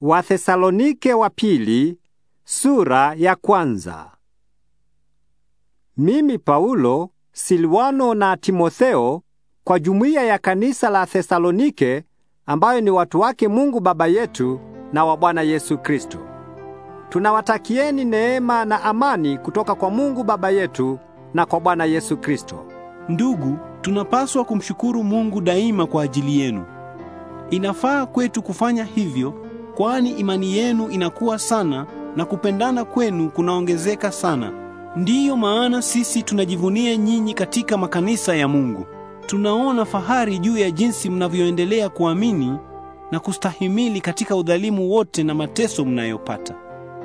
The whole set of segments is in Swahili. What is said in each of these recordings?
Wathesalonike wa pili sura ya kwanza. Mimi Paulo, Silwano na Timotheo kwa jumuiya ya kanisa la Thesalonike ambayo ni watu wake Mungu Baba yetu na wa Bwana Yesu Kristo. Tunawatakieni neema na amani kutoka kwa Mungu Baba yetu na kwa Bwana Yesu Kristo. Ndugu, tunapaswa kumshukuru Mungu daima kwa ajili yenu. Inafaa kwetu kufanya hivyo kwani imani yenu inakuwa sana na kupendana kwenu kunaongezeka sana. Ndiyo maana sisi tunajivunia nyinyi katika makanisa ya Mungu. Tunaona fahari juu ya jinsi mnavyoendelea kuamini na kustahimili katika udhalimu wote na mateso mnayopata.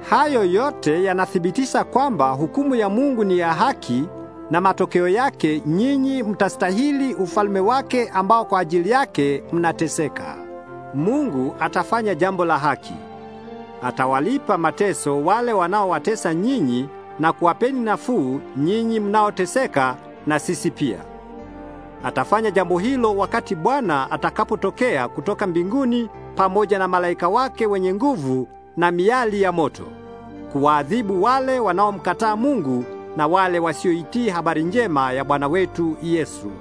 Hayo yote yanathibitisha kwamba hukumu ya Mungu ni ya haki na matokeo yake nyinyi mtastahili ufalme wake ambao kwa ajili yake mnateseka. Mungu atafanya jambo la haki. Atawalipa mateso wale wanaowatesa nyinyi na kuwapeni nafuu nyinyi mnaoteseka na sisi pia. Atafanya jambo hilo wakati Bwana atakapotokea kutoka mbinguni pamoja na malaika wake wenye nguvu na miali ya moto, kuwaadhibu wale wanaomkataa Mungu na wale wasioitii habari njema ya Bwana wetu Yesu.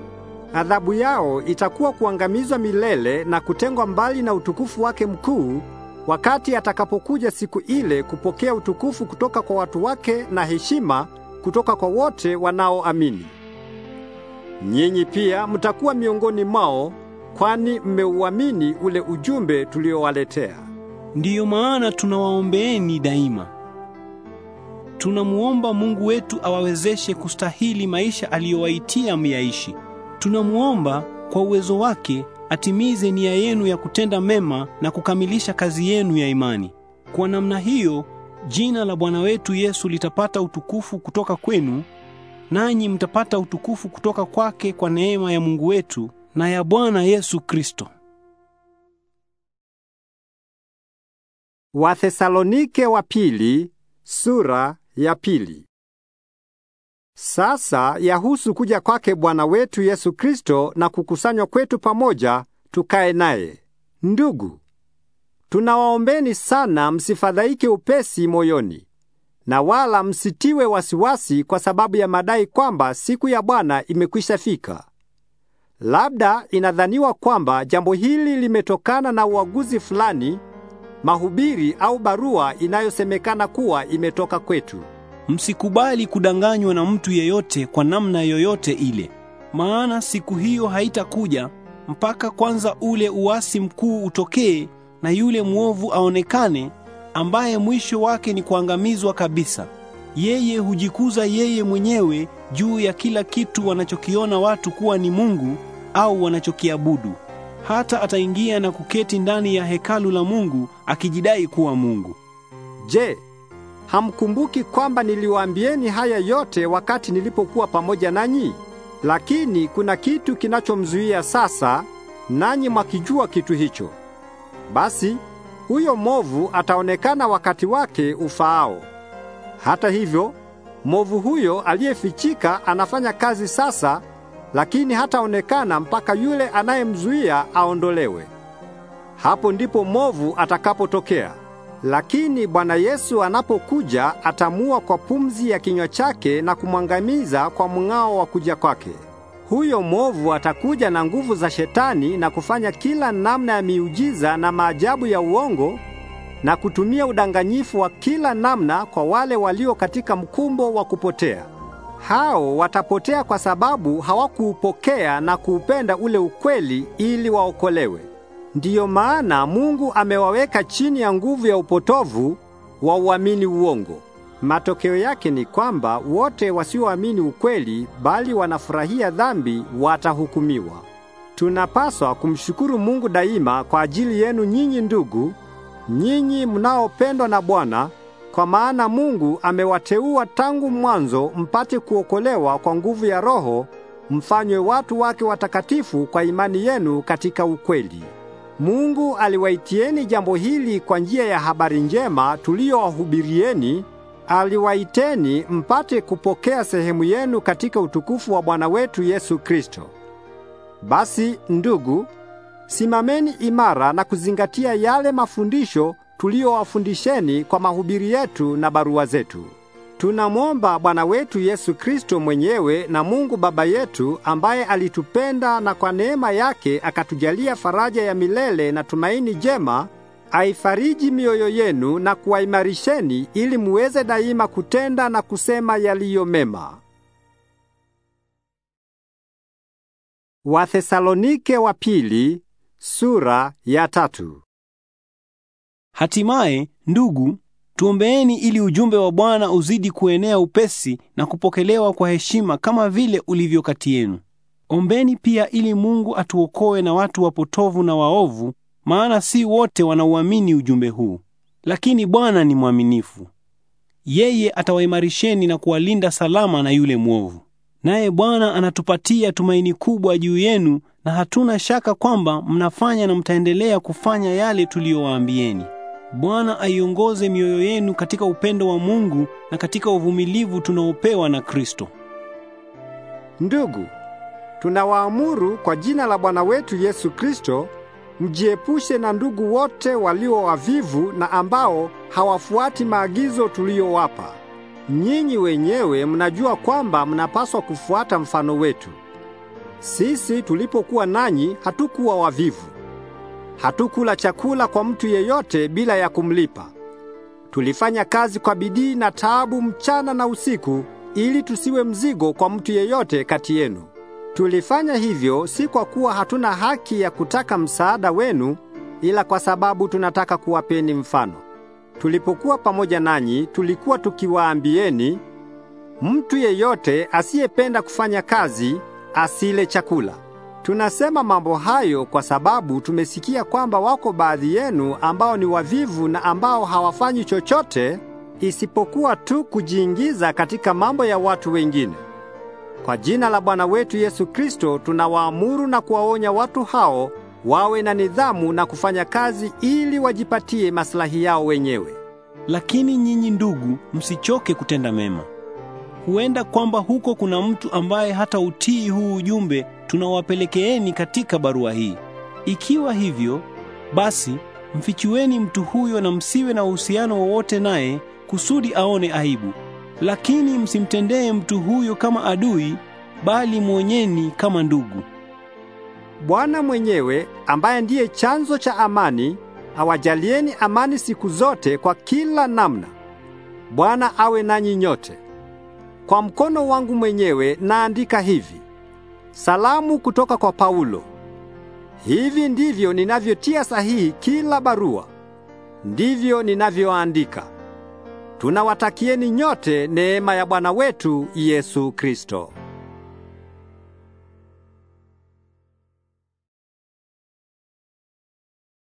Adhabu yao itakuwa kuangamizwa milele na kutengwa mbali na utukufu wake mkuu wakati atakapokuja siku ile kupokea utukufu kutoka kwa watu wake na heshima kutoka kwa wote wanaoamini. Nyinyi pia mtakuwa miongoni mwao kwani mmeuamini ule ujumbe tuliowaletea. Ndiyo maana tunawaombeeni daima. Tunamuomba Mungu wetu awawezeshe kustahili maisha aliyowaitia myaishi. Tunamwomba kwa uwezo wake atimize nia yenu ya kutenda mema na kukamilisha kazi yenu ya imani. Kwa namna hiyo, jina la Bwana wetu Yesu litapata utukufu kutoka kwenu, nanyi mtapata utukufu kutoka kwake kwa neema ya Mungu wetu na ya Bwana Yesu Kristo. Wathesalonike wa pili, sura ya pili. Sasa yahusu kuja kwake Bwana wetu Yesu Kristo na kukusanywa kwetu pamoja tukae naye. Ndugu, tunawaombeni sana msifadhaike upesi moyoni na wala msitiwe wasiwasi kwa sababu ya madai kwamba siku ya Bwana imekwisha fika. Labda inadhaniwa kwamba jambo hili limetokana na uaguzi fulani, mahubiri au barua inayosemekana kuwa imetoka kwetu. Msikubali kudanganywa na mtu yeyote kwa namna yoyote ile, maana siku hiyo haitakuja mpaka kwanza ule uasi mkuu utokee na yule mwovu aonekane, ambaye mwisho wake ni kuangamizwa kabisa. Yeye hujikuza yeye mwenyewe juu ya kila kitu wanachokiona watu kuwa ni Mungu au wanachokiabudu. Hata ataingia na kuketi ndani ya hekalu la Mungu akijidai kuwa Mungu. Je, Hamkumbuki kwamba niliwaambieni haya yote wakati nilipokuwa pamoja nanyi? Lakini kuna kitu kinachomzuia sasa, nanyi mwakijua kitu hicho. Basi huyo movu ataonekana wakati wake ufaao. Hata hivyo, movu huyo aliyefichika anafanya kazi sasa, lakini hataonekana mpaka yule anayemzuia aondolewe. Hapo ndipo movu atakapotokea. Lakini Bwana Yesu anapokuja atamua kwa pumzi ya kinywa chake na kumwangamiza kwa mng'ao wa kuja kwake. Huyo mwovu atakuja na nguvu za shetani na kufanya kila namna ya miujiza na maajabu ya uongo na kutumia udanganyifu wa kila namna kwa wale walio katika mkumbo wa kupotea. Hao watapotea kwa sababu hawakuupokea na kuupenda ule ukweli ili waokolewe. Ndiyo maana Mungu amewaweka chini ya nguvu ya upotovu wa uamini uongo. Matokeo yake ni kwamba wote wasioamini ukweli bali wanafurahia dhambi watahukumiwa. Tunapaswa kumshukuru Mungu daima kwa ajili yenu nyinyi ndugu, nyinyi mnaopendwa na Bwana, kwa maana Mungu amewateua tangu mwanzo mpate kuokolewa kwa nguvu ya Roho, mfanywe watu wake watakatifu kwa imani yenu katika ukweli. Mungu aliwaitieni jambo hili kwa njia ya habari njema tuliyowahubirieni, aliwaiteni mpate kupokea sehemu yenu katika utukufu wa Bwana wetu Yesu Kristo. Basi ndugu, simameni imara na kuzingatia yale mafundisho tuliyowafundisheni kwa mahubiri yetu na barua zetu. Tunamwomba Bwana wetu Yesu Kristo mwenyewe na Mungu Baba yetu ambaye alitupenda na kwa neema yake akatujalia faraja ya milele na tumaini jema, aifariji mioyo yenu na kuwaimarisheni ili muweze daima kutenda na kusema yaliyo mema. Wathesalonike wa pili sura ya tatu. Hatimaye ndugu Tuombeeni ili ujumbe wa Bwana uzidi kuenea upesi na kupokelewa kwa heshima kama vile ulivyo kati yenu. Ombeni pia ili Mungu atuokoe na watu wapotovu na waovu, maana si wote wanauamini ujumbe huu. Lakini Bwana ni mwaminifu. Yeye atawaimarisheni na kuwalinda salama na yule mwovu. Naye Bwana anatupatia tumaini kubwa juu yenu na hatuna shaka kwamba mnafanya na mtaendelea kufanya yale tuliyowaambieni. Bwana aiongoze mioyo yenu katika upendo wa Mungu na katika uvumilivu tunaopewa na Kristo. Ndugu, tunawaamuru kwa jina la Bwana wetu Yesu Kristo mjiepushe na ndugu wote walio wavivu na ambao hawafuati maagizo tuliyowapa. Nyinyi wenyewe mnajua kwamba mnapaswa kufuata mfano wetu. Sisi tulipokuwa nanyi hatukuwa wavivu hatukula chakula kwa mtu yeyote bila ya kumlipa. Tulifanya kazi kwa bidii na taabu mchana na usiku ili tusiwe mzigo kwa mtu yeyote kati yenu. Tulifanya hivyo si kwa kuwa hatuna haki ya kutaka msaada wenu, ila kwa sababu tunataka kuwapeni mfano. Tulipokuwa pamoja nanyi, tulikuwa tukiwaambieni, mtu yeyote asiyependa kufanya kazi asile chakula. Tunasema mambo hayo kwa sababu tumesikia kwamba wako baadhi yenu ambao ni wavivu na ambao hawafanyi chochote isipokuwa tu kujiingiza katika mambo ya watu wengine. Kwa jina la Bwana wetu Yesu Kristo tunawaamuru na kuwaonya watu hao wawe na nidhamu na kufanya kazi ili wajipatie maslahi yao wenyewe. Lakini nyinyi ndugu, msichoke kutenda mema huenda kwamba huko kuna mtu ambaye hata utii huu ujumbe tunawapelekeeni katika barua hii. Ikiwa hivyo, basi mfichueni mtu huyo na msiwe na uhusiano wowote naye kusudi aone aibu. Lakini msimtendee mtu huyo kama adui, bali mwonyeni kama ndugu. Bwana mwenyewe ambaye ndiye chanzo cha amani awajalieni amani siku zote kwa kila namna. Bwana awe nanyi nyote. Kwa mkono wangu mwenyewe naandika hivi: Salamu kutoka kwa Paulo. Hivi ndivyo ninavyotia sahihi kila barua. Ndivyo ninavyoandika. Tunawatakieni nyote neema ya Bwana wetu Yesu Kristo.